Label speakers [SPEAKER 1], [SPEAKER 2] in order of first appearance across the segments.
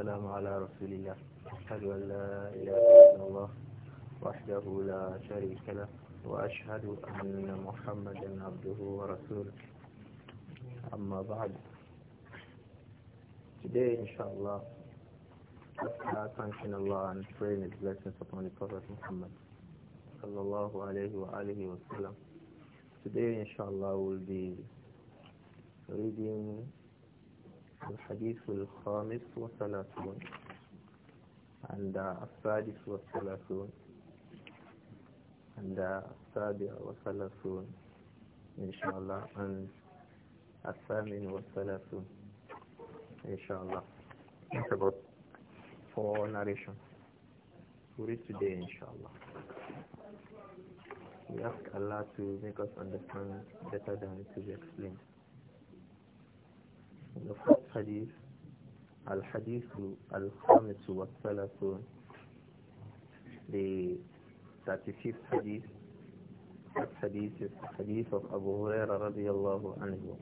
[SPEAKER 1] والسلام على رسول الله أشهد أن لا إله إلا الله وحده لا شريك له وأشهد أن محمدا عبده ورسوله أما بعد Today, inshallah, let's thanking Allah and praying His blessings upon the Prophet Muhammad sallallahu alayhi wa alihi wa sallam. Today, inshallah, we'll be reading الحديث الخامس وثلاثون عند السادس والثلاثون عند السابع وثلاثون إن شاء الله عند الثامن والثلاثون إن شاء الله That's about four narrations for it today إن شاء الله We ask Allah to make us understand better than to be explained الحديث الحديث الخامس والثلاثون the 35th الحديث that أبو هريرة رضي الله عنه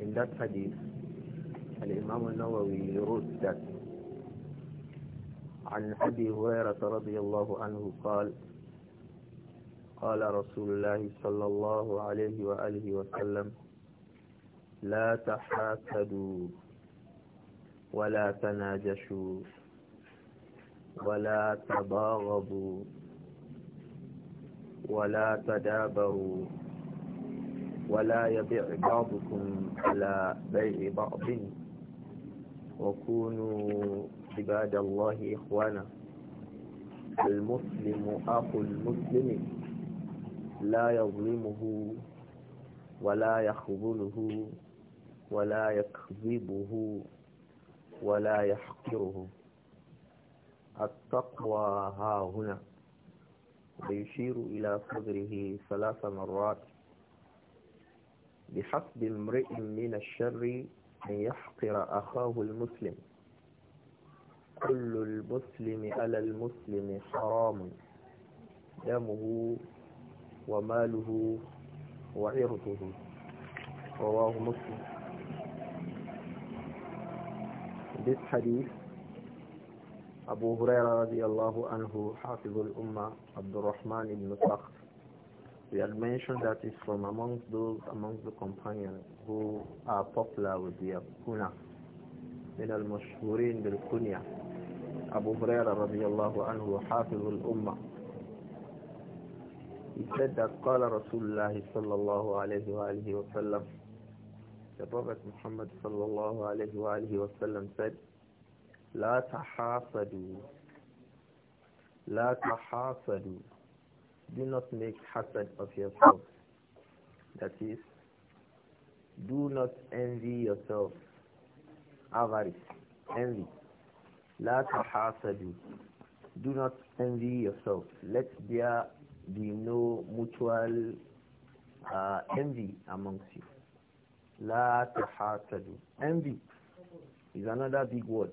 [SPEAKER 1] in that hadith الإمام النووي wrote that عن أبي هريرة رضي الله عنه قال قال رسول الله صلى الله عليه وآله وسلم لا تحاسدوا ولا تناجشوا ولا تباغضوا ولا تدابروا ولا يبيع بعضكم على بيع بعض وكونوا عباد الله إخوانا المسلم أخو المسلم لا يظلمه ولا يخذله ولا يكذبه ولا يحقره التقوى ها هنا ويشير إلى صدره ثلاث مرات بحسب امرئ من الشر أن يحقر أخاه المسلم كل المسلم على المسلم حرام دمه وماله وعرضه رواه مسلم this hadith, Abu Huraira radiallahu anhu, Hafizul Ummah, الرحمن ibn Sakht, we had mentioned that it's from among those among the companions who are popular with the kuna. من المشهورين بالكنية أبو هريرة رضي الله عنه حافظ الأمة He said that قال رسول الله صلى الله عليه وآله وسلم The Prophet Muhammad sallallahu alayhi wa alihi wasallam said, لا لا Do not make hasad of yourself. That is, do not envy yourself. Avarice, envy. لا تحاسدوا Do not envy yourself. Let there be no mutual uh, envy amongst you. La tahatadu. Envy is another big word.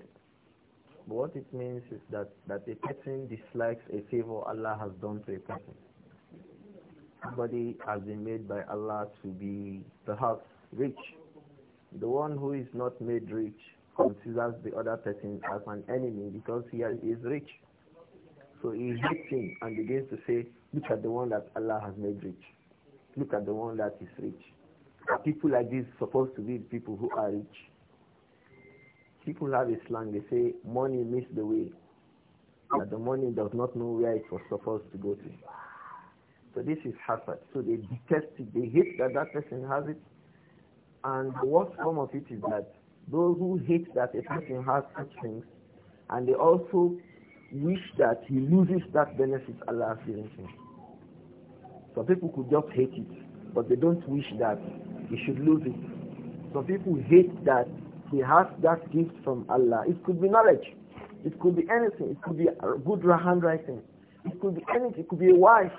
[SPEAKER 1] But what it means is that, that a person dislikes a favor Allah has done to a person. Somebody has been made by Allah to be perhaps rich. The one who is not made rich considers the other person as an enemy because he is rich. So he hates him and begins to say, look at the one that Allah has made rich. Look at the one that is rich people like this supposed to be the people who are rich? People have a slang, they say, money makes the way. But the money does not know where it was supposed to go to. So this is hazard. So they detest it, they hate that that person has it. And the worst form of it is that those who hate that a person has such things, and they also wish that he loses that benefit Allah has given him. So people could just hate it, but they don't wish that he should lose it. Some people hate that he has that gift from Allah. It could be knowledge. It could be anything. It could be good handwriting. It could be anything. It could be a wife.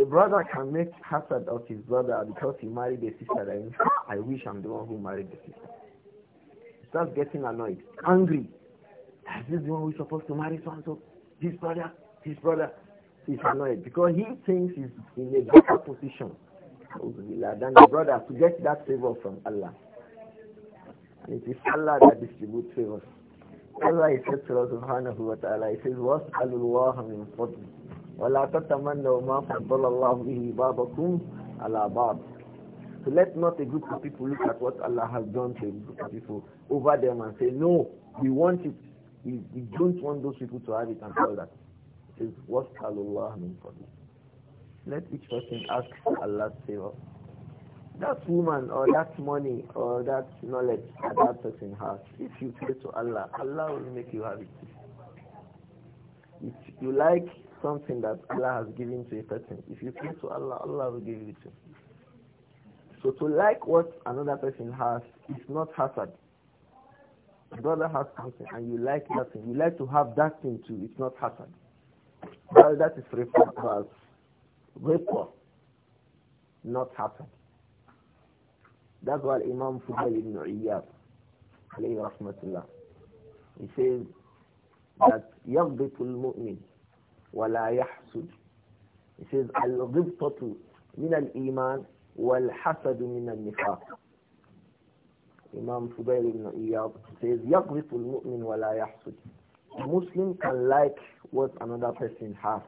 [SPEAKER 1] A brother can make hazard of his brother because he married a sister. And ah, I wish I'm the one who married the sister. He starts getting annoyed, angry. Is this the one who's supposed to marry so so? His brother, his brother. He's annoyed because he thinks he's in a better position than the brother to get that favor from Allah. And it is Allah that distributes favors. Allah is said to us subhanahu wa ta'ala, He says, وَاسْأَلُوا اللَّهَ مِنْ فَضْلِ وَلَا تَتَمَنَّوا مَا فَضَّلَ اللَّهُ بِهِ بَعْضَكُمْ عَلَى بَعْضٍ So let not a group of people look at what Allah has done to a group of people over them and say, no, we want it. We, we don't want those people to have it and all that. He says, وَاسْأَلُوا اللَّهَ مِنْ فَضْلِ let each person ask for Allah's favor. That woman or that money or that knowledge that that person has, if you pray to Allah, Allah will make you have it. If you like something that Allah has given to a person, if you pray to Allah, Allah will give it to you. So to like what another person has is not hazard. Brother has something and you like that thing. You like to have that thing too. It's not hazard. Well, that is referred to as Ripple. Not happen. That's why Imam Fudail ibn Iyad, alayhi rahmatullah, he says that يَغْبِطُ الْمُؤْمِنِ وَلَا يَحْسُدُ He says, الْغِبْطَةُ مِنَ الْإِيمَانِ وَالْحَسَدُ مِنَ النِّفَاقِ Imam Fudail ibn Iyad says, يَغْبِطُ الْمُؤْمِنِ وَلَا يَحْسُدُ A Muslim can like what another person has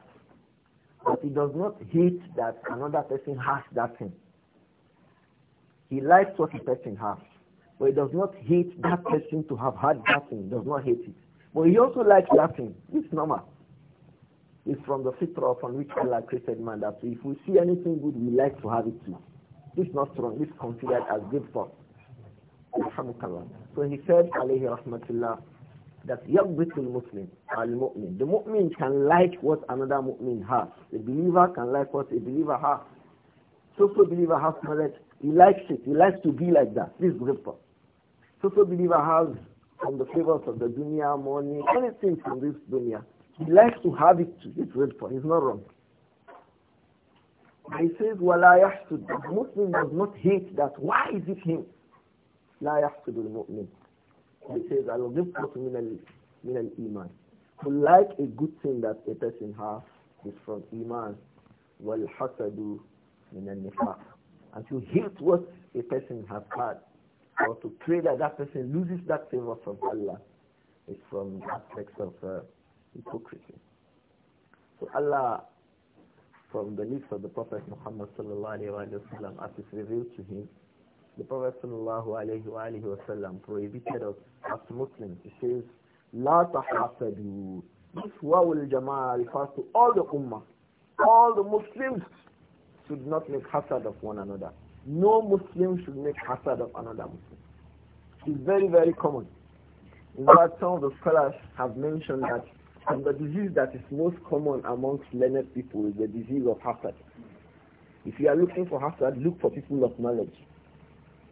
[SPEAKER 1] but he does not hate that another person has that thing. He likes what the person has. But he does not hate that person to have had that thing. He does not hate it. But he also likes that thing. It's normal. It's from the fitrah from which Allah created man that if we see anything good, we like to have it too. It's not wrong. It's considered as good for. So he said, alayhi rahmatullah, that yaqbitul Muslim, al-mu'min. The mu'min can like what another mu'min has. The believer can like what a believer has. So-so believer has knowledge. He likes it. He likes to be like that. This is grateful. So-so believer has from the favors of the dunya, money, anything from this dunya. He likes to have it. It's grateful. He's not wrong. He says, وَلَا يَحْسُدْ The Muslim does not hate that. Why is it him? لَا يَحْسُدُ الْمُؤْمِنِ he says, I will give to min al iman. To like a good thing that a person has is from iman. Wal hasadu min al nifaq. And to hate what a person has had, or to pray that that person loses that favor from Allah, is from aspects of uh, hypocrisy. So Allah, from the lips of the Prophet Muhammad sallallahu alaihi wasallam, as is revealed to him, the Prophet وسلم prohibited us as Muslims. He says, لا تحاسدوا This waw al-jama'ah refers to all the ummah. All the Muslims should not make hasad of one another. No Muslim should make hasad of another Muslim. It's very, very common. In fact, some of the scholars have mentioned that and the disease that is most common amongst learned people is the disease of hasad. If you are looking for hasad, look for people of knowledge.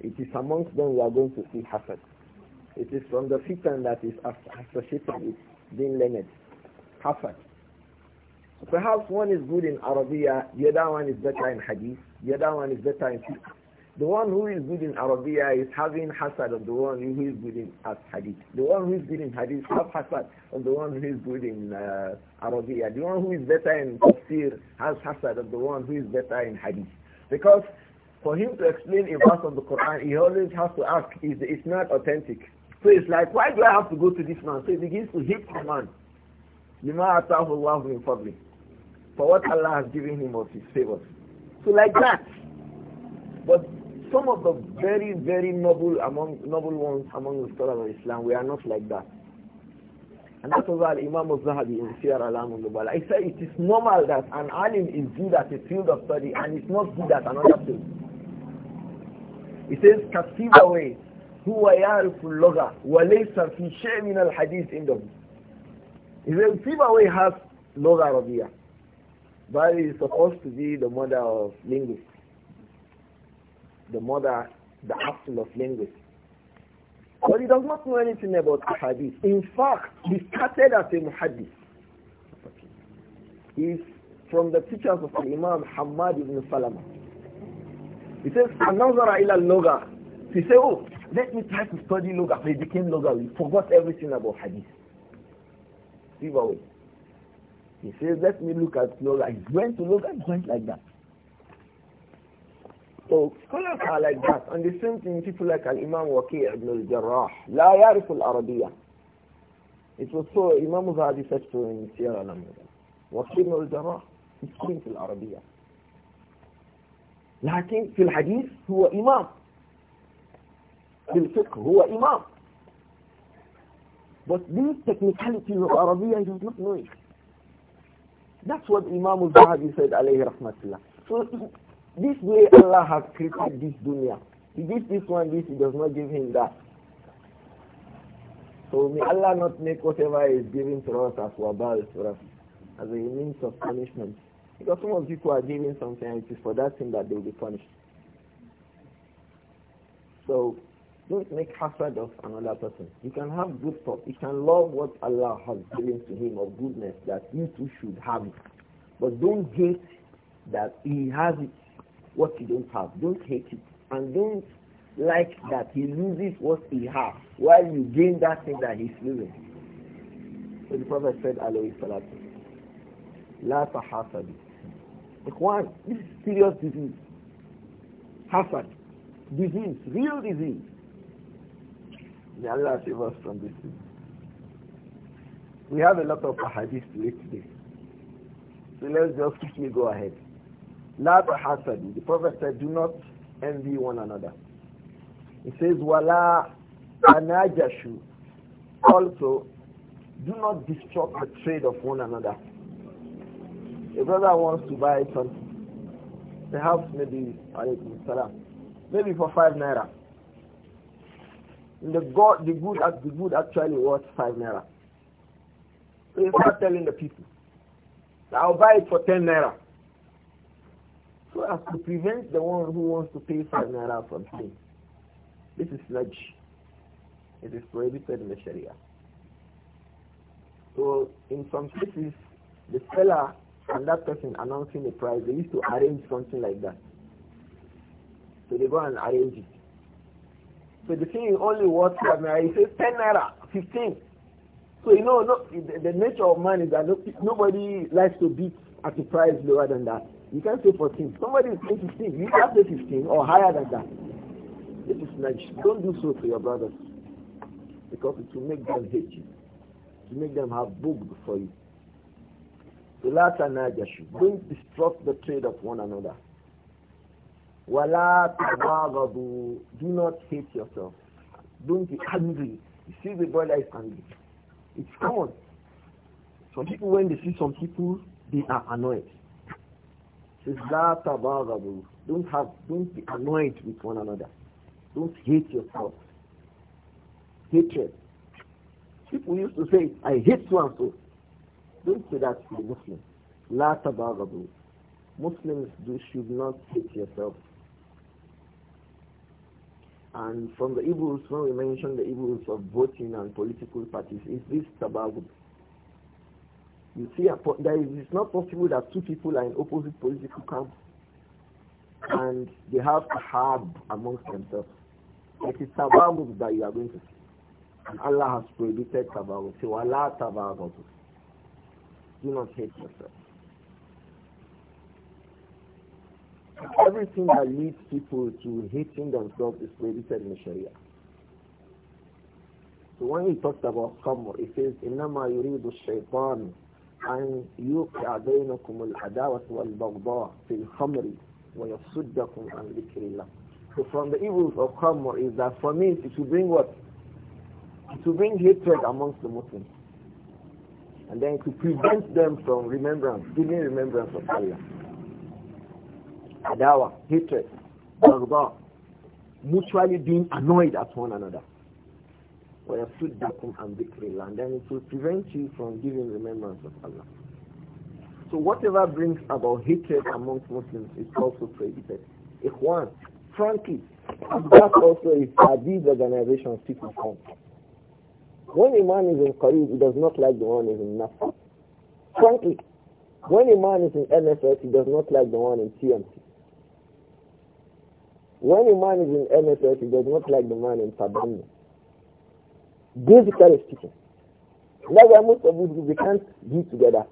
[SPEAKER 1] It is amongst them we are going to see hasad. It is from the fitan that is associated with being learned. Hasad. Perhaps one is good in Arabia, the other one is better in Hadith, the other one is better in Fiqh. The one who is good in Arabia is having hasad on the one who is good in Hadith. The one who is good in Hadith has hasad on the one who is good in uh, Arabia. The one who is better in Tafsir has hasad on the one who is better in Hadith. Because for him to explain a verse of the Quran, he always has to ask, is it's not authentic? So it's like, why do I have to go to this man? So he begins to hate the man. لِمَا أَتَاهُ اللَّهُ مِنْ فَضْلِهِ For what Allah has given him of his favors. So like that. But some of the very, very noble among noble ones among the scholars of Islam, we are not like that. And that's why Imam al-Zahabi in Siyar Alam al I say it is normal that an alim is good at a field of study and is not good at another field. He says, كَسِيبَوَيْ هُوَ يَعْرِفُ اللَّغَةِ fi فِي min al hadith indom. He says, way has Loga Arabia, But he is supposed to be the mother of linguists. The mother, the apple of linguists. But he does not know anything about hadith. In fact, he started as a muhaddith. He is from the teachers of Imam Hamad ibn Salama. He says, Anazara ila loga. He said, oh, let me try to study loga. He became loga. He forgot everything about hadith. Give away." He says, let me look at loga. He went to loga and went like that. So scholars are like that. And the same thing people like Al-Imam Waqi' ibn al-Jarrah. La yarif arabiya It was so Imam Zahabi said to him, Sierra al Waqi' ibn al-Jarrah. He's al-Arabiya. لكن في الحديث هو إمام في الفقه هو إمام But these technicalities of Arabia, he does not know it. That's what Imam al-Zahabi said, alayhi rahmatullah. So this way Allah has created this dunya. He gives this one this, he does not give him that. So may Allah not make whatever is given to us as wabal for us, as a means of punishment. Because some of these who are giving something, it is for that thing that they will be punished. So don't make hatred of another person. You can have good thought. You can love what Allah has given to him of goodness that you too should have it. But don't hate that he has it, what you don't have. Don't hate it. And don't like that he loses what he has while you gain that thing that he's losing. So the Prophet said, alayhi salatu, la tahasadu. Ikhwan, this is serious disease. Hazard. Disease, real disease. May Allah save us from this disease. We have a lot of hadith to read today. So let's just quickly go ahead. La hazard. The Prophet said, do not envy one another. He says, wala anajashu. Also, do not disrupt the trade of one another. A brother wants to buy something, perhaps maybe alaykum salam, maybe for five naira. The God, the good, the good actually worth five naira. So you start telling the people, I'll buy it for ten naira. So as to prevent the one who wants to pay five naira from paying. This is sludge. It is prohibited in the Sharia. So in some cases, the seller and that person announcing the prize, they used to arrange something like that. So they go and arrange it. So the thing is only what one He says 10 naira, 15. So you know, no, the, the, nature of man is that no, nobody likes to beat at a price lower than that. You can't say 14. Somebody is saying 15. You can't say 15 or higher than that. This is nice. Don't do so to your brothers because it will make them hate you. It will make them have booged for you. وَلَا تَنَاجَشُوا Don't disrupt the trade of one another. وَلَا تَبَاغَضُوا Do not hate yourself. Don't be angry. You see the boy that is angry. It's common. Some people, when they see some people, they are annoyed. Says, لَا تَبَاغَضُوا Don't have, don't be annoyed with one another. Don't hate yourself. Hatred. People used to say, I hate so and so. Don't say that to a Muslim. La tabagabu. Muslims do, should not hate yourself. And from the evils, when we mention the evils of voting and political parties, is this tabagab. You see, there is, it's not possible that two people are in opposite political camps and they have a have amongst themselves. It is tabagab that you are going to see. And Allah has prohibited tabagab. So Allah tabagab. Do not hate yourself. Everything that leads people to hating themselves is prohibited in Sharia. So when he talks about khamr, he says, إِنَّمَا يُرِيدُ الشَّيْطَانُ أَنْ يُوقِعَ بَيْنَكُمُ الْعَدَاوَةُ وَالْبَغْضَاءَ فِي الْخَمْرِ وَيَصُدَّكُمْ عَنْ ذِكْرِ اللَّهِ So from the evils of khamr is that for me it will bring what? It will bring hatred amongst the Muslims and then to prevent them from remembrance, giving remembrance of Allah. Adawa, hatred, bagba, mutually being annoyed at one another. وَيَصُدَّكُمْ عَنْ ذِكْرِ اللَّهِ And And then it will prevent you from giving remembrance of Allah. So whatever brings about hatred amongst Muslims is also prohibited. Ikhwan, frankly, that also is these organizations people form. When a man is in Qareeb, he does not like the one in Nafa. Frankly, when a man is in NSS, he does not like the one in TMC. When a man is in NSS, he does not like the man in Sabana. Basically speaking. That's why most of us we can't be together.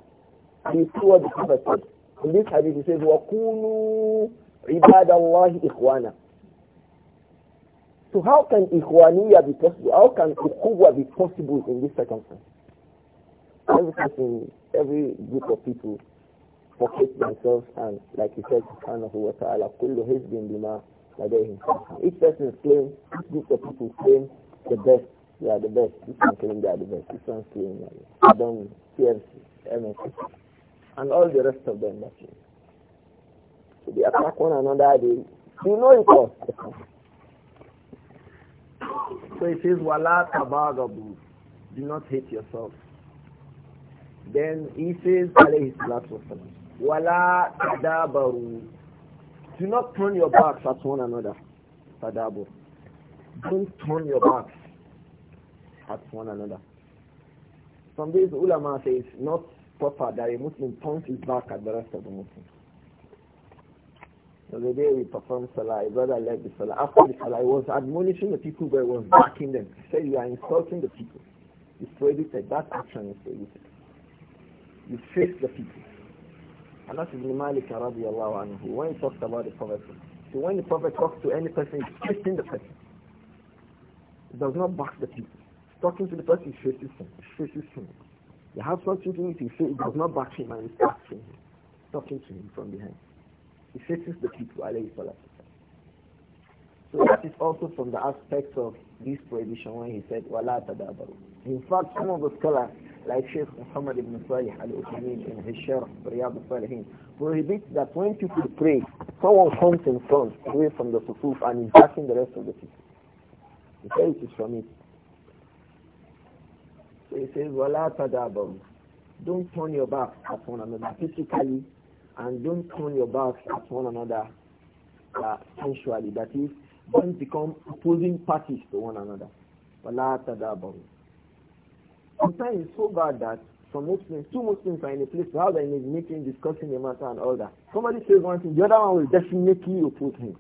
[SPEAKER 1] They see what the Prophet said. In this hadith, he says, وَكُونُوا عِبَادَ اللَّهِ إِخْوَانًا so how can Ikhwaniyah be possible? How can Ukubwa be possible in this circumstance? Every person, every group of people forget themselves and like he said, subhanahu wa ta'ala, kullu hizbin bima ladayhim Each person claims, each group of people claim the best, they are the best, this one claims they are the best, this one claims they are the best, Adam, CFC, MS, and all the rest of them, that's it. So they attack one another, they, you know it all. So it says, Wala tabagabu. Do not hate yourself. Then he says, alayhi salatu wasalam, Wala tadabaru. Do not turn your backs at one another. Tadabur. Don't turn your backs at one another. From this ulama says, it's not proper that a Muslim turns his back at the rest of the Muslims. So the day we performed Salah, brother led the Salah. After the Salah, I was admonishing the people, but I was backing them. He said, you are insulting the people. It's prohibited. That action is prohibited. You face the people. And that's Ibn Malik radiallahu anhu, when he talked about the Prophet. So when the Prophet talks to any person, he's facing the person. He does not back the people. He's talking to the person, he faces him. He faces him. You has something to do with him, he does not back him and he's asking him. Talking to him from behind. He faces the people, alayhi salatu So that is also from the aspect of this prohibition when he said, "Wala تَدَابَرُوا In fact, some of the scholars, like Sheikh Muhammad ibn Salih al-Uthaymeen in his Sharh, Riyad al-Salihin, prohibits that when people pray, someone comes in front, away from the sufuf and is backing the rest of the people. He says it is from it. So he says, "Wala تدابروا تَدَابَرُوا Don't turn your back upon them. another, physically and don't turn your backs at one another uh, sensually. That is, don't become opposing parties to one another. Sometimes it's so bad that some Muslims, two Muslims are in a place now they're in a meeting discussing a matter and all that. Somebody says one thing, the other one will definitely oppose him.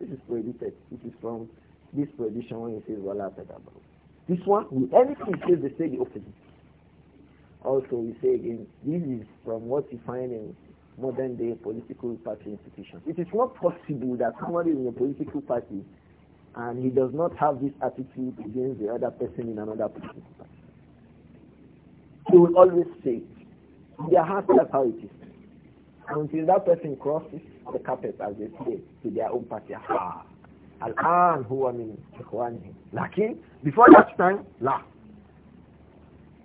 [SPEAKER 1] This is prohibited. This is from this prohibition when he says Wala Tadabaru. This one, anything he says, they say the opposite. Also, we say again, this is from what you find in modern day political party institutions. It is not possible that somebody in a political party and he does not have this attitude against the other person in another political party. He will always say, in their heart, that's how it is. Until that person crosses the carpet, as they say, to their own party. Ah, Al-an I min Lakin, before that time, la.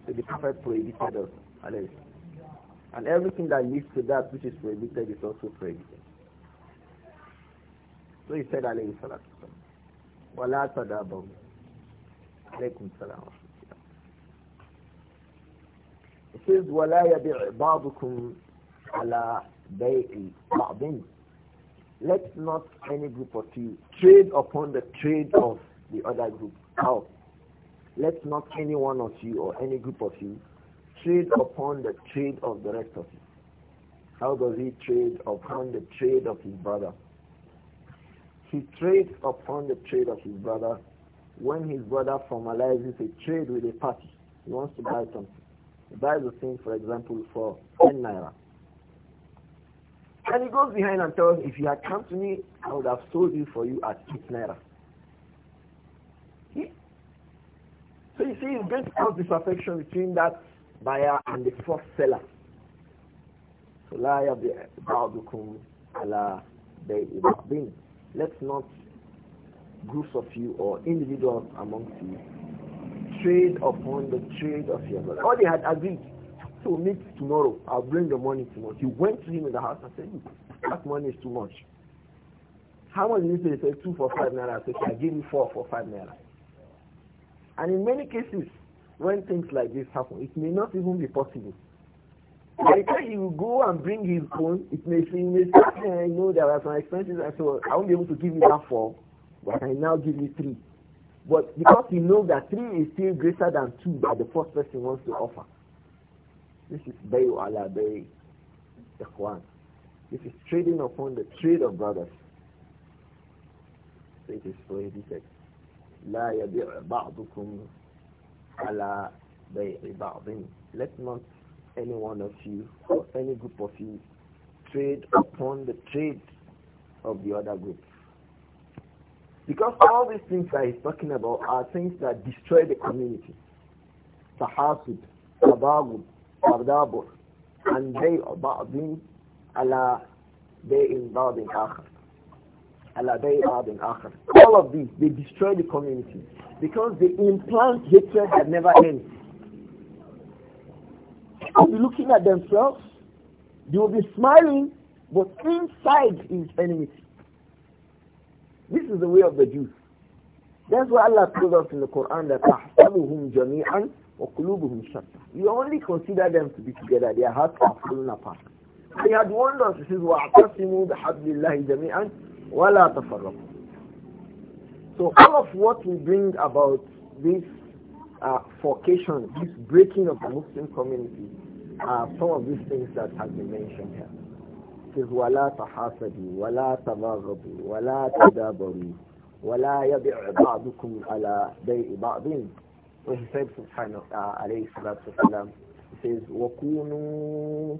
[SPEAKER 1] So the Prophet prohibited us, alayhi and everything that leads to that which is prohibited is also prohibited. So he said, alayhi salatu وَلَا تَدَابَوْا عليكم السلام It says, وَلَا يَبِعْ بَعْضُكُمْ ala bayi بَعْضٍ Let not any group of you trade upon the trade of the other group. How? Let not any one of you or any group of you trade upon the trade of the rest of it. How does he trade upon the trade of his brother? He trades upon the trade of his brother when his brother formalizes a trade with a party. He wants to buy something. He buys a thing, for example, for 10 naira. And he goes behind and tells, if you had come to me, I would have sold you for you at 8 naira. So you see, he's going to cause disaffection between that buyer and the first seller. So la Allah ala bay'in. Let's not groups of you or individuals amongst you trade upon the trade of your brother. All they had agreed to meet tomorrow. I'll bring the money tomorrow. He went to him in the house and said, that money is too much. How much did you say? He said, two for five naira. So I give you four for five naira. And in many cases, when things like this happen, it may not even be possible. By the time he will go and bring his phone, it may seem, may I know, there are some expenses and so I won't be able to give you that four, but I now give you three. But because he knows that three is still greater than two that the first person wants to offer. This is Bayu ala Bayu, the one. This is trading upon the trade of brothers. So it is prohibited. لا يبيع بعضكم ala ba'din. Let not any one of you or any group of you trade upon the trade of the other group. Because all these things that he's talking about are things that destroy the community. Tahasud, Tabagud, Tardabur, and they are Ba'din ala Bay'in Ba'din Akhar. All of these, they destroy the community because they implant hatred that never ends. They will be looking at themselves, they will be smiling, but inside is enmity. This is the way of the Jews. That's why Allah told us in the Quran that jamian جَمِيعًا You only consider them to be together, their hearts are falling apart. He had warned us, he says, وَاعْتَصِمُوا بِحَبْلِ اللَّهِ جَمِيعًا وَلَا تَفَرَّقُوا So all of what we bring about this uh, forcation, this breaking of the Muslim community, are some of these things that have been mentioned here. It says, وَلَا تَحَاسَدُوا وَلَا تَبَاغَضُوا وَلَا تَدَابَرُوا وَلَا يَبِعْ بَعْضُكُمْ عَلَى بَيْءِ بَعْضٍ When he said, subhanahu uh, alayhi salatu wasalam, he says, وَكُونُوا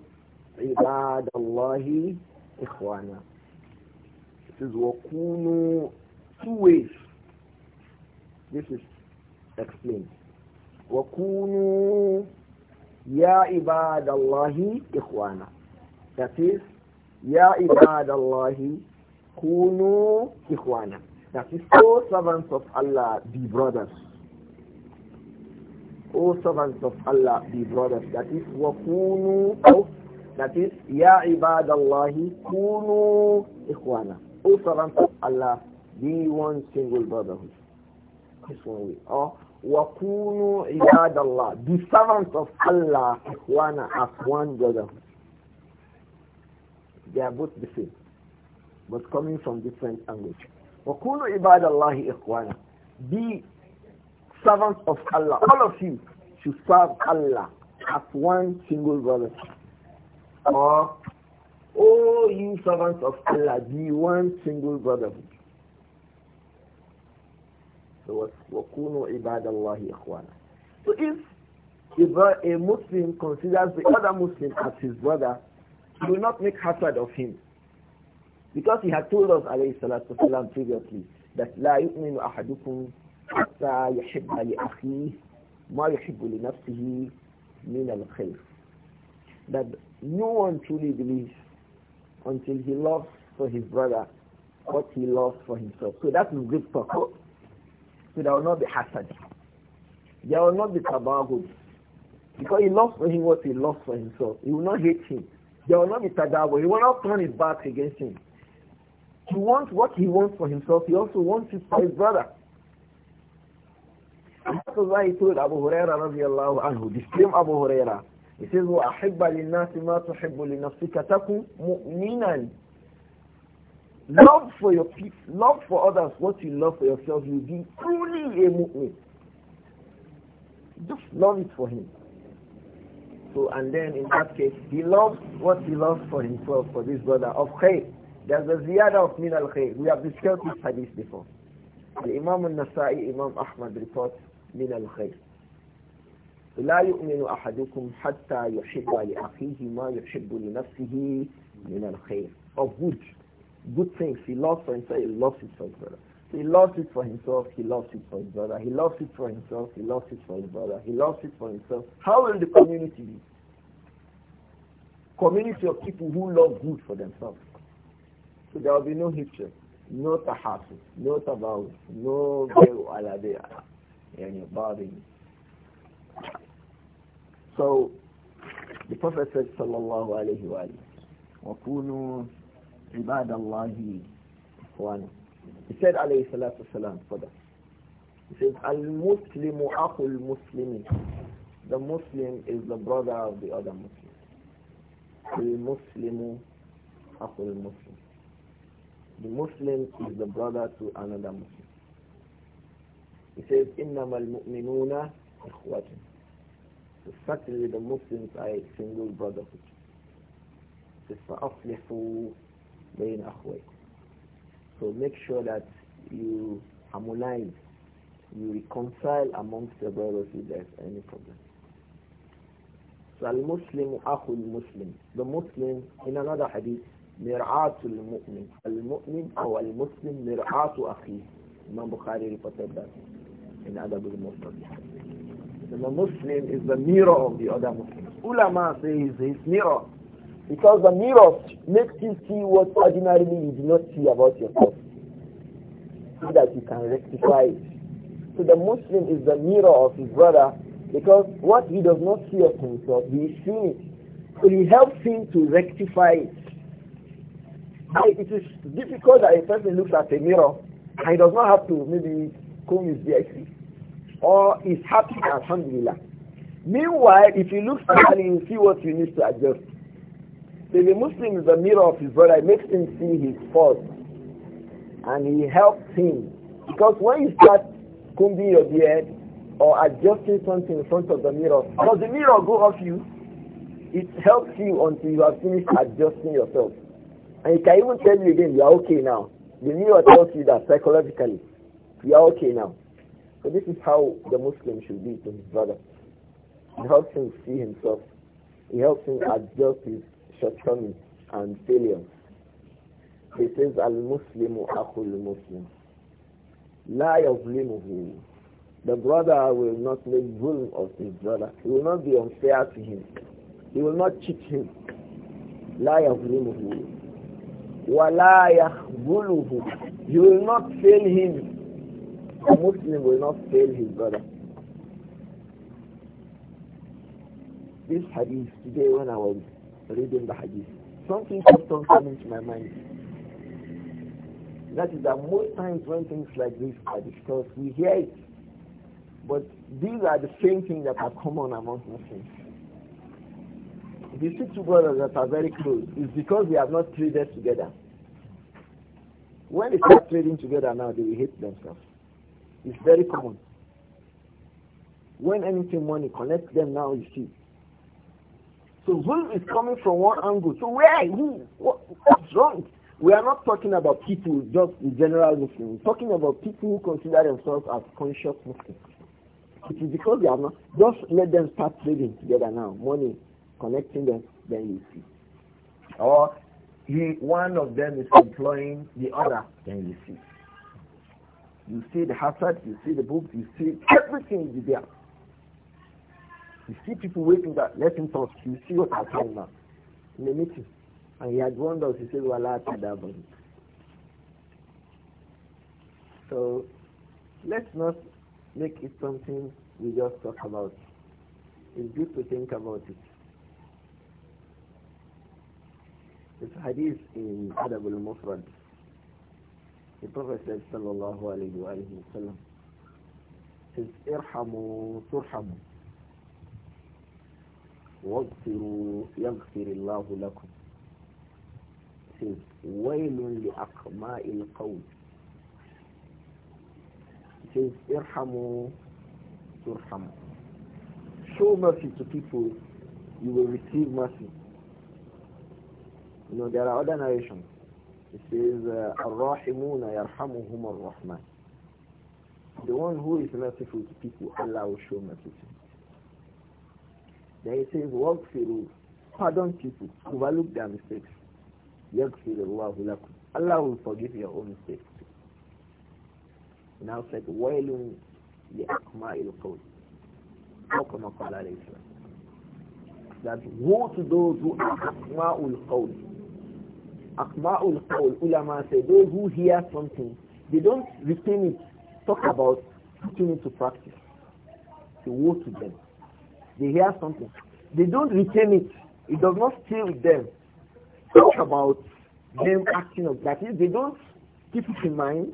[SPEAKER 1] عِبَادَ اللَّهِ إِخْوَانًا says wakunu two ways. This is explained. Wakunu ya ibadallahi ikhwana. That is ya ibadallahi kunu ikhwana. That is, all servants of Allah, be brothers. O servants of Allah, be brothers. That wakunu. وَكُونُوا oh, ya يَا kunu ikhwana. O servant of Allah, be one single brotherhood. This one way. Or, وَكُونُوا ibad Allah. Be servants of Allah, one as one brotherhood. They are both the same, but coming from different angles. وَكُونُوا عِبَادَ اللَّهِ إِخْوَانًا Be servants of Allah. All of you should serve Allah as one single brother. Or all oh, you servants of Allah, be one single brotherhood. So, So if, if a Muslim considers the other Muslim as his brother, he will not make hatred of him. Because he had told us, alayhi salatu wasalam, previously, that لا يؤمن أحدكم حتى يحب لأخيه ما يحب لنفسه من الخير. That no one truly believes until he loves for his brother what he loves for himself. So that is good for talk. So there will not be hatred. There will not be tabagud. Because he loves for him what he loves for himself. He will not hate him. There will not be tadawa. He will not turn his back against him. He wants what he wants for himself. He also wants it for his brother. And that's why he told Abu Huraira radiallahu anhu, the same Abu Huraira, he says, وَأَحِبَّ لِلنَّاسِ مَا تُحِبُّ لِنَفْسِكَ تَكُنْ مُؤْمِنًا Love for your people, love for others what you love for yourself, you be truly a mu'min. Just love it for him. So, and then in that case, he loves what he loves for himself, for this brother of khayr. There's a ziyada of min al khayr. We have discussed this hadith before. The Imam al-Nasai, Imam Ahmad reports min al khayr. لا يؤمن أحدكم حتى يحب لأخيه ما يحب لنفسه من الخير of good good things he loves for himself he loves it for his brother he loves it for himself he loves it for his brother he loves it for himself he loves it for his brother he loves it for himself how will the community be community of people who love good for themselves so there will be no hatred no tahasu no tabawu no beru ala yani body so the Prophet said sallallahu alayhi wa وَكُونُوا عِبَادَ اللَّهِ He said alayhi salatu salam, for that. He says, Al-Muslimu Akul Muslimin. The Muslim is the brother of the other Muslim. Al-Muslimu Akul Muslim. The Muslim is the brother to another Muslim. He says, إِنَّمَا الْمُؤْمِنُونَ إِخْوَةٌ Certainly the Muslims are a single brotherhood. فَأَصْلِحُوا بَيْنَ أَخْوَيْكُمْ So make sure that you harmonize, you reconcile amongst your brothers if there's any problem. So al-Muslim Ahul Muslim. The Muslim in another hadith مرآة mu'min or أو Muslim, مرآة أخيه Imam Bukhari reported that in other al-Mustadrak. The Muslim is the mirror of the other Muslims. Ulama says his mirror. Because the mirror makes you see what ordinarily you do not see about yourself. So that you can rectify it. So the Muslim is the mirror of his brother because what he does not see of himself, he is seeing it. So he helps him to rectify it. It is difficult that a person looks at a mirror and he does not have to maybe comb his beard or is happy, alhamdulillah. Meanwhile, if you look at you see what you need to adjust. So the Muslim is the mirror of his brother. It makes him see his faults. And he helps him. Because when you start combing your beard or adjusting something in front of the mirror, because the mirror go off you? It helps you until you have finished adjusting yourself. And it can even tell you again, you are okay now. The mirror tells you that psychologically. You are okay now. So this is how the Muslim should be to his brother. It helps him see himself. It helps him adjust his shortcomings and failures. He says, Al-Muslimu akhul Muslim. La yazlimuhu. The brother will not make zulm of his brother. He will not be unfair to him. He will not cheat him. La yazlimuhu. Wa la yakhbuluhu. He will not fail him a Muslim will not fail his brother. This hadith, today when I was reading the hadith, something kept on coming to my mind. That is that most times when things like this are discussed, we hear it. But these are the same things that are common among Muslims. The see two brothers that are very close, it's because they have not traded together. When they start trading together now, they will hate themselves. It's very common. When anything money connects them now, you see. So zulm is coming from one angle. So where? Who? What, what's wrong? We are not talking about people just in general Muslims. We're talking about people who consider themselves as conscious Muslims. It is because they are not. Just let them start trading together now. Money connecting them, then you see. Or he, one of them is employing the other, then you see. You see the hazard, you see the books. you see everything is there. You see people waiting that let him talk. You see what happened now in a meeting. And he had warned us, he said, Wala one. So let's not make it something we just talk about. It's good to think about it. This hadith in Adab al-Mufrad the Prophet said, sallallahu alayhi irhamu الله لكم says لأقماء القول ارحموا ترحموا show mercy to people you will receive mercy you know there are other narrations it says, الرَّاحِمُونَ Rāḥmūhu, al-Raḥmān." The one who is merciful to people, Allah will show mercy to Then he says, وَغْفِرُوا Pardon people, overlook their mistakes. يَغْفِرُ اللَّهُ Allah will forgive your own mistakes. Now said, وَيْلٌ لِأَكْمَاءِ الْقَوْلِ How come that woe to those who are will الْقَوْلِ Akma'ul Qawl, ulama say, those who hear something, they don't retain it, talk about putting it to practice. They woe to them. They hear something. They don't retain it. It does not stay with them. Talk about them acting on that. they don't keep it in mind.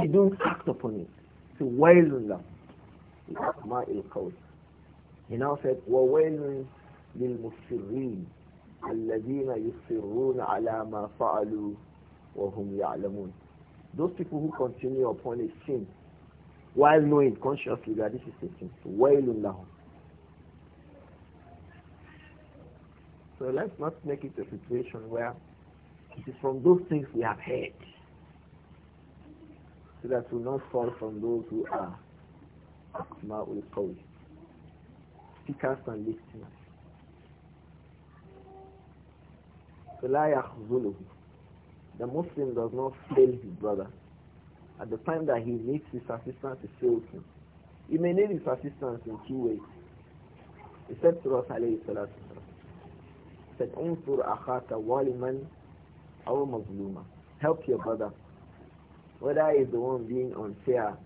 [SPEAKER 1] They don't act upon it. So wailun Akma'ul Qawl. He now said, وَوَيْلٌ لِلْمُفْسِرِينَ الَّذِينَ يُصِرُّونَ عَلَى مَا فَعَلُوا وَهُمْ يَعْلَمُونَ Those people who continue upon a sin while knowing consciously that this is a sin. وَيْلٌ لَهُمْ So let's not make it a situation where it is from those things we have heard. So that we not fall from those who are Asma'ul Qawl. Speakers and listeners. The Muslim does not fail his brother. At the time that he needs his assistance, to fail him. He may need his assistance in two ways. He said to us, alayhi salatu said, Unsur akhaka waliman aw mazluma. Help your brother. Whether he's the one being unfair,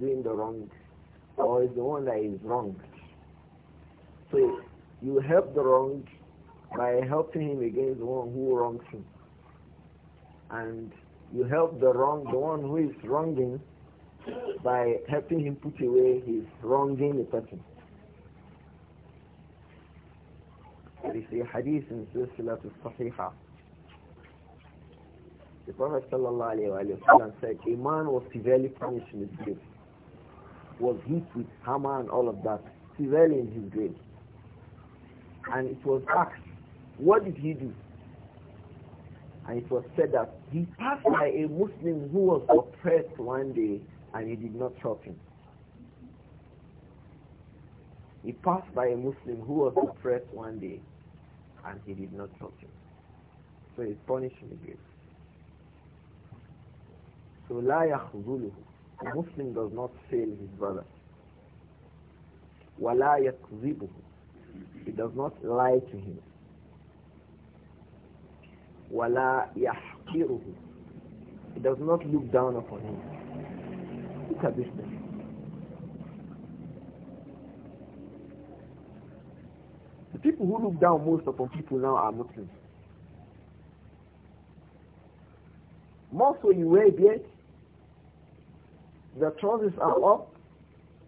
[SPEAKER 1] doing the wrong, or is the one that is wrong. So you help the wrong by helping him against one who wrongs him. And you help the wrong, the one who is wronging by helping him put away his wronging the person. There is a hadith in Silsilat al sahiha. The Prophet ﷺ said, a man was severely punished in his grave. Was hit with hammer and all of that, severely in his grave. And it was asked what did he do? And it was said that he passed by a Muslim who was oppressed one day and he did not help him. He passed by a Muslim who was oppressed one day and he did not help him. So he punished him. the So la yakhzuluhu. A Muslim does not fail his brother. Wala yakzibuhu. He does not lie to him wala yahqiruhu. He does not look down upon him. Look at this The people who look down most upon people now are Muslims. More so you wear beard, their trousers are up,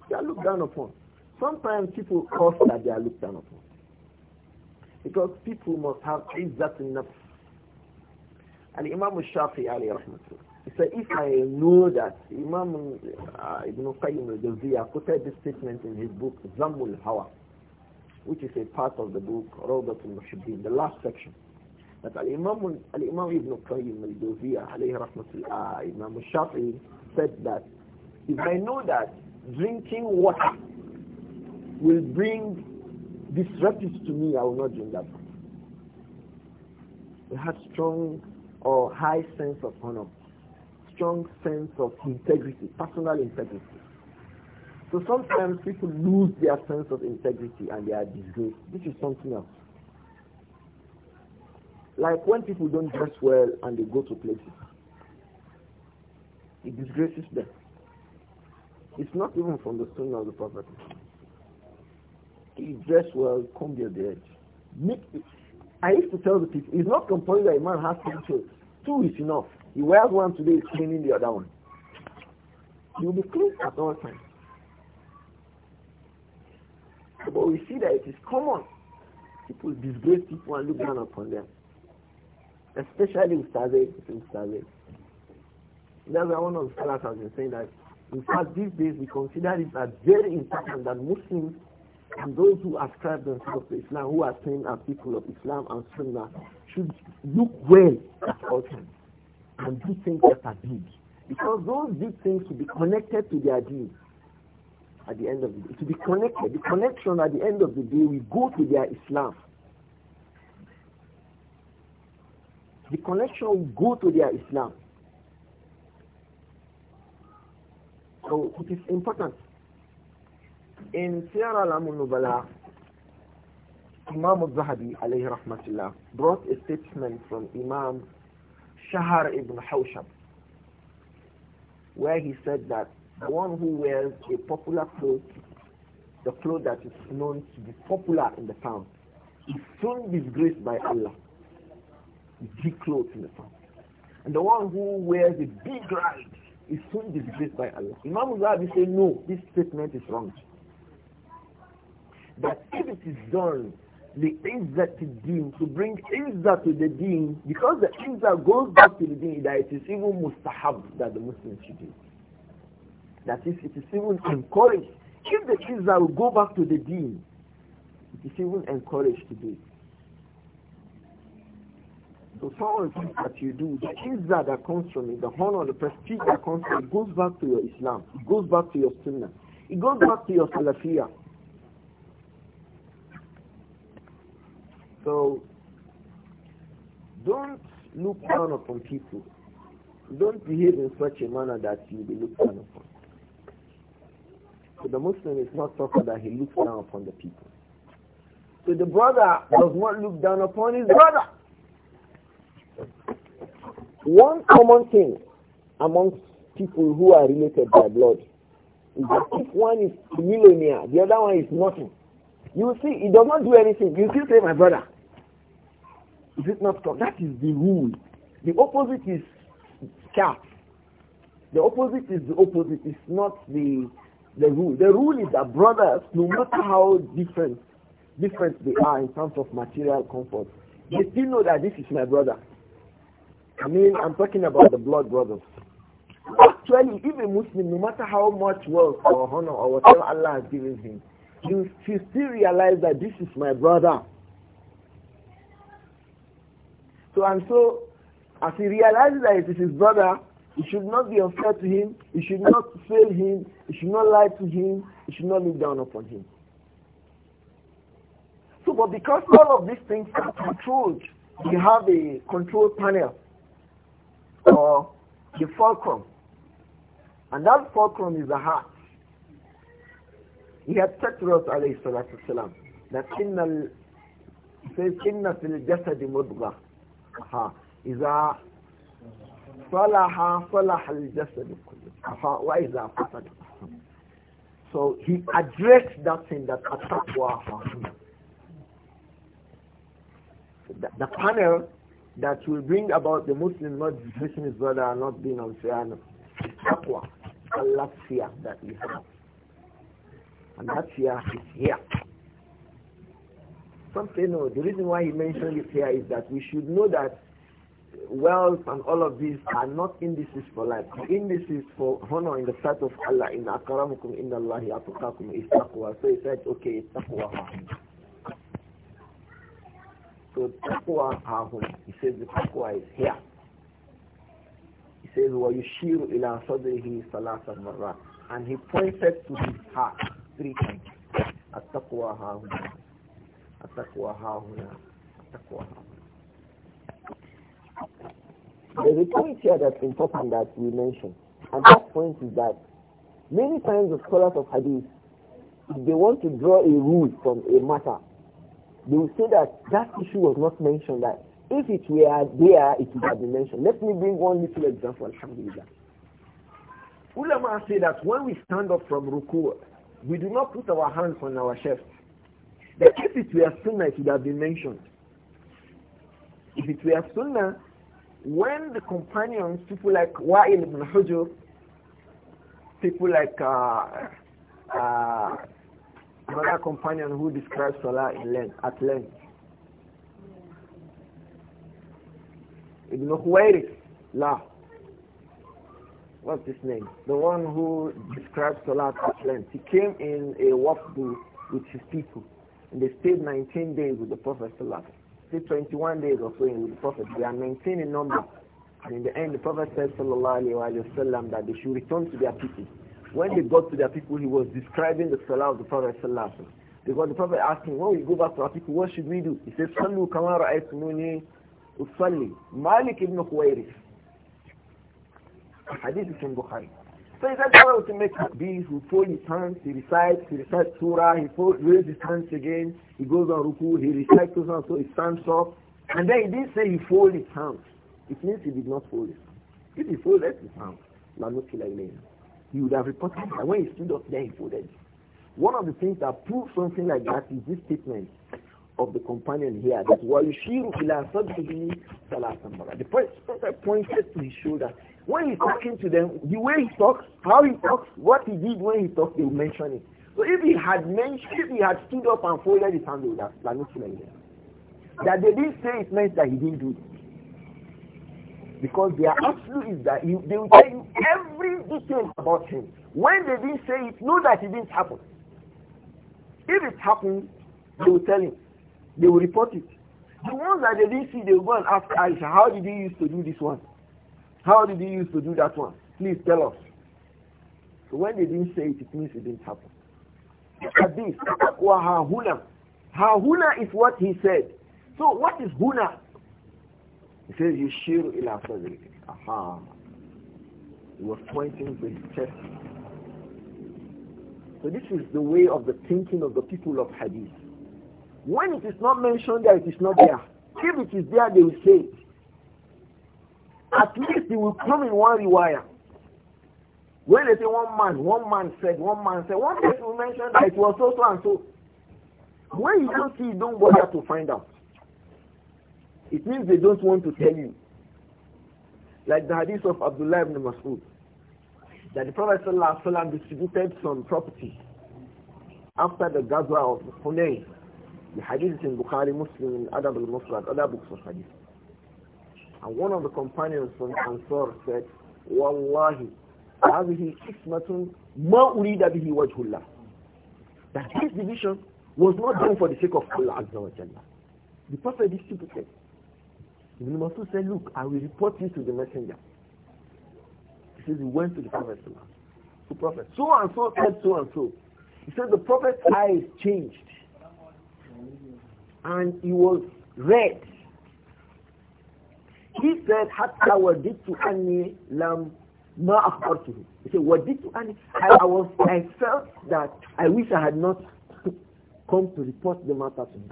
[SPEAKER 1] they are looked down upon. Sometimes people curse that they are looked down upon. Because people must have izzat in nafs. And Imam Shafi Ali Rahmatullah. He said, if I know that Imam uh, Ibn Qayyim al-Jawziyah quoted this statement in his book, Zammul Hawa, which is a part of the book, al Mushibdin, the last section. That Al-Imam al -Imam Ibn Qayyim al-Jawziyah, alayhi rahmatullah, uh, Imam Shafi said that, if I know that drinking water will bring disrepute to me, I will not drink that. He had strong or high sense of honor, strong sense of integrity, personal integrity. So sometimes people lose their sense of integrity and they are disgraced. This is something else. Like when people don't dress well and they go to places, it disgraces them. It's not even from the sunnah of the Prophet. If you dress well, to your beard. Make it I used to tell the people, it's not compulsory that a man has two clothes. Two is enough. He wears one today, he's cleaning the other one. He will be clean at all times. But we see that it is common. People disgrace people and look down upon them. Especially in Saturday, in That's why one of the scholars has been saying that in fact these days we consider it as very important that Muslims and those who ascribe themselves to Islam, who are saying as people of Islam and Sunnah, should look well at all times and do things that are big. Because those big things will be connected to their deeds at the end of the day. To be connected, the connection at the end of the day will go to their Islam. The connection will go to their Islam. So it is important in Sierra Lamunubala, Imam al-Zahabi alayhi rahmatullah brought a statement from Imam Shahar ibn Hawshab where he said that the one who wears a popular cloth, the cloth that is known to be popular in the town, is soon disgraced by Allah. The clothes in the town. And the one who wears a big ride is soon disgraced by Allah. Imam Zahabi said, no, this statement is wrong that if it is done the izzat to deen, to bring izzat to the deen, because the izzat goes back to the deen, that it is even mustahab that the Muslims should do. That is, it is even encouraged. If the izzat will go back to the deen, it is even encouraged to do it. So some of the things that you do, the izzat that comes from it, the honor, the prestige that comes from it, goes back to your Islam. It goes back to your sunnah. It goes back to your salafiyah. So don't look down upon people. Don't behave in such a manner that you be looked down upon. So the Muslim is not talking that he looks down upon the people. So the brother does not look down upon his brother. One common thing amongst people who are related by blood is that if one is millionaire, the other one is nothing. You see, he does not do anything. You still say, my brother. Is it not correct? That is the rule. The opposite is scarf. The opposite is the opposite. It's not the the rule. The rule is that brothers, no matter how different different they are in terms of material comfort, they still know that this is my brother. I mean, I'm talking about the blood brothers. Actually, even Muslim, no matter how much wealth or honor or whatever Allah has given him, he still realize that this is my brother so and so, as he realizes that it is his brother, he should not be unfair to him, he should not fail him, he should not lie to him, he should not look down upon him. So, but because all of these things are controlled, you have a control panel or the fulcrum. And that fulcrum is the heart. He had said to us, alayhi salatu salam, that inna, says, inna fil jasadi mudghah Aha. إذا صلح صلح الجسد كله. Aha. وإذا فسد So he addressed that thing that ataqwa from the, the panel that will bring about the Muslim not facing his brother and not being unfair. Taqwa, Allah's fear that we have. And that fear is here. Something. no. The reason why he mentioned it here is that we should know that wealth and all of these are not indices for life. The indices for honor in the sight of Allah in Akramukum inna Allahi atqakum is taqwa. So he said, okay, taqwa So taqwa ahun. He says the taqwa is here. He says, وَيُشِيرُ إِلَىٰ صَدْرِهِ ثَلَاثَ مَرَّاتٍ And he pointed to his heart three times. التقوى هاهنا Taqwa There's a point here that's important that we mentioned. And that point is that many times the scholars of hadith, if they want to draw a rule from a matter, they will say that that issue was not mentioned, that if it were there, it would have been mentioned. Let me bring one little example, alhamdulillah. Ulama say that when we stand up from ruku, we do not put our hands on our chest. That if it were sunnah, it would have been mentioned. If it were sunnah, when the companions, people like Wa'il ibn Hujr, people like uh, uh, another companion who describes Salah in length, at length, Ibn Khuwairis, La. What's his name? The one who describes Salat at length. He came in a wafdu with his people. And they stayed 19 days with the Prophet Stay 21 days or so with the Prophet. They are maintaining number. And in the end, the Prophet said, Sallallahu Alaihi Wasallam, that they should return to their people. When they got to their people, he was describing the Salah of the Prophet Sallallahu Because the Prophet asked him, when we go back to our people, what should we do? He said, Sallu kama ra'aytumuni usalli. Malik ibn Khuwairis. Hadith is in Bukhari. So he said, Father, to make this, he folds his hands, he recites, he recites surah, he folds, raises his hands again, he goes on ruku, he recites and so he stands up. And then he didn't say he folds his hands. It means he did not fold his hands. If he folded his hands, he would have reported that when he stood up there, he folded. One of the things that proves something like that is this statement of the companion here that وَيُشِيرُ إِلَىٰ صَدْرِهِ ثَلَاثًا مَرَّةً The Prophet pointed to his shoulder. When he's talking to them, the way he talks, how he talks, what he did when he talked, they will mention it. So if he had mentioned, if he had stood up and folded his hand, they would have lamented it. that. That they didn't say it meant that he didn't do it. Because their absolute is that they will tell you every detail about him. When they didn't say it, know that it didn't happen. If it happened, they will tell him. They will report it. The ones that they didn't see, they will go and ask Aisha, how did he used to do this one? How did he used to do that one? Please tell us. So when they didn't say it, it means it didn't happen. Look at this. Hahuna. Hahuna is what he said. So what is huna? He says, Yushiru ila sadri. Aha. He was pointing to his chest. So this is the way of the thinking of the people of Hadith. When it is not mentioned there, it is not there. If it is there, they will say it. At least it will come in one rewire. When they say one man, one man said, one man said, one person will mention that it was so so and so. When you don't see, you don't bother to find out. It means they don't want to tell you. Like the hadith of Abdullah ibn Mas'ud, that the Prophet ﷺ distributed some property after the Gaza of Hunayn. The hadith in Bukhari, Muslim, in Adab al other books of hadith. And one of the companions from Ansar said, Wallahi, هذه قسمة ما أريد به وجه الله. That this division was not done for the sake of Allah Azza wa Jalla. The Prophet is stupid. Ibn Masud said, look, I will report you to the messenger. He says he went to the Prophet. To Prophet. So and so said so and so. He said the Prophet's eyes changed and he was red. He said, Hatta waditu anni lam ma akhbartuhu. He said, waditu anni. I, was, I felt that I wish I had not come to report the matter to him.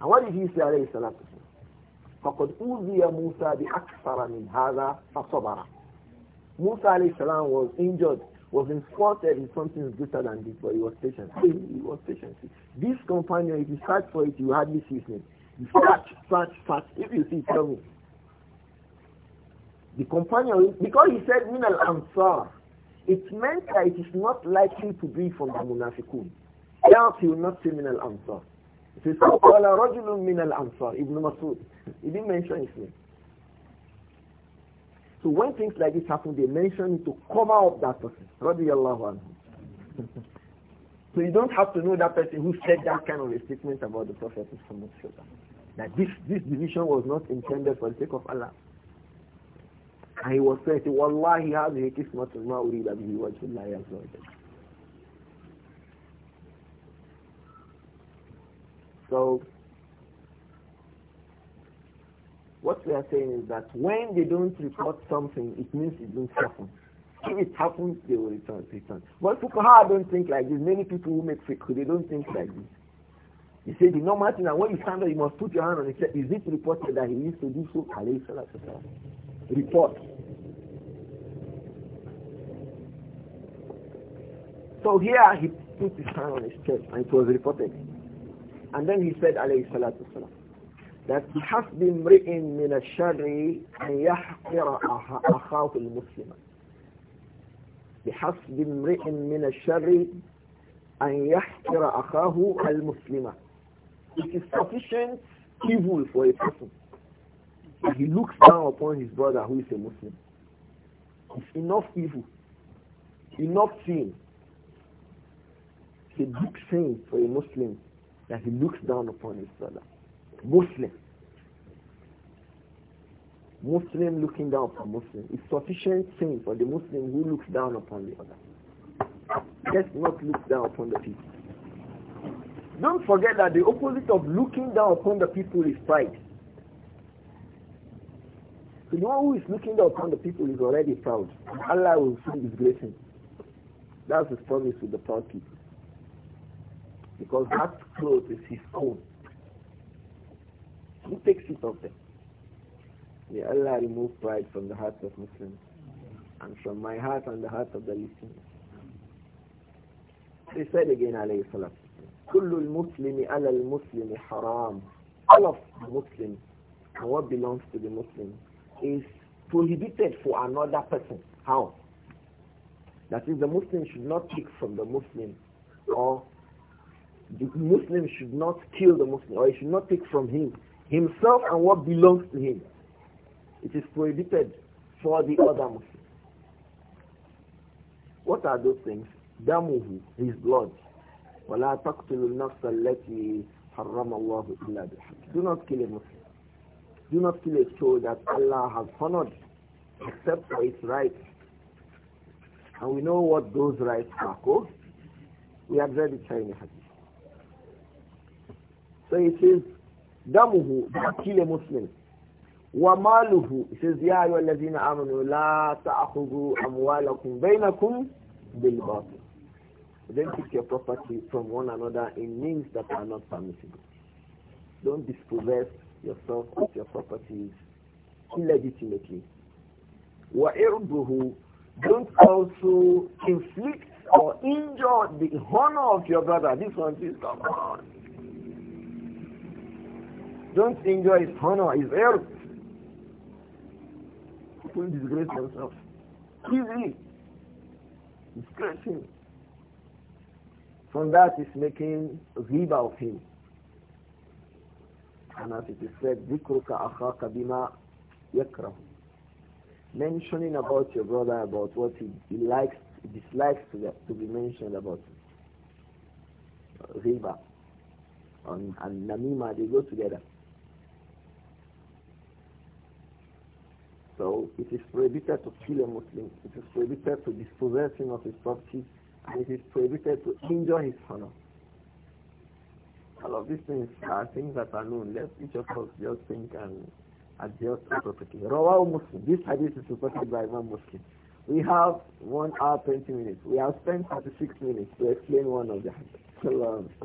[SPEAKER 1] And what did he say, alayhi salatu فقد أوذي موسى بأكثر من هذا فصبر. Musa alayhi salam was injured was insulted in something greater than this, but he was patient. He, he was patient. This companion, if you search for it, you hardly see his name. You search, search, search. If you see, tell me. The companion, because he said, Min al-Ansar, it meant that it is not likely to be from the Munafiqun. Else he will not say Min al-Ansar. It says, Qala rajulun min al-Ansar, Ibn Masud. He didn't mention his name. So when things like this happen, they mention it to cover up that person. Radiallahu anhu. so you don't have to know that person who said that kind of a statement about the Prophet Muhammad. That this, this division was not intended for the sake of Allah. And he was saying, Wallahi hadhihi kismatun ma urida bihi wajhullahi azza wa jalla. So what we are saying is that when they don't report something, it means it didn't happen. If it happens, they will return. return. But Fukaha don't think like this. Many people who make fake, they don't think like this. He said the normal thing that when you stand up, you must put your hand on it. Is it reported that he used to do so? Report. So here he put his hand on his chest and it was reported. And then he said, alayhi salatu salam that بحسب امرئ من الشر أن يحقر أخاه المسلم بحسب امرئ من الشر أن يحقر أخاه المسلم It is sufficient evil for a person. He looks down upon his brother who is a Muslim. It's enough evil, enough sin. It's a big sin for a Muslim that he looks down upon his brother. Muslim. Muslim looking down upon Muslim is sufficient sin for the Muslim who looks down upon the other. Let's not look down upon the people. Don't forget that the opposite of looking down upon the people is pride. So the one who is looking down upon the people is already proud. Allah will soon disgrace him. That's his promise with the proud people. Because that clothes is his own. Who takes it of them? May Allah remove pride from the hearts of Muslims and from my heart and the hearts of the listeners. They said again, alayhi salam, كل المسلم على المسلم حرام. All of the Muslims and what belongs to the Muslim is prohibited for another person. How? That is, the Muslim should not take from the Muslim or the Muslim should not kill the Muslim or he should not take from him himself and what belongs to him. It is prohibited for the other Muslim. What are those things? Damuhu, his blood. وَلَا تَقْتُلُ النَّفْسَ الَّتِي حَرَّمَ اللَّهُ إِلَّا بِحَقٍّ Do not kill a Muslim. Do not kill a soul that Allah has honored except for its rights. And we know what those rights are. Called. We have read it in the hadith. So it says, damuhu that kill a Muslim. وماله he says آمنوا لا تأخذوا أموالكم بينكم بالباطل Don't take your property from one another in means that are not permissible. Don't dispossess yourself of your properties illegitimately. وَإِرْضُهُ Don't also inflict or injure the honor of your brother. This one is, come on, don't enjoy his honor, his earth. People disgrace themselves. Easily. Disgrace him. From that is making riba of him. And as it is said, ذِكْرُكَ أَخَاكَ kabima yakra. Mentioning about your brother, about what he, he likes, he dislikes to, to be mentioned about. Riba and, and Namima, they go together. So it is prohibited to kill a Muslim. It is prohibited to dispossess him of his property. And it is prohibited to injure his honor. All of these things are things that are known. Let each of us just think and adjust appropriately. Rawahu Muslim. This hadith is supported by one Muslim. We have 1 hour 20 minutes. We have spent 36 minutes to explain one of the hadith.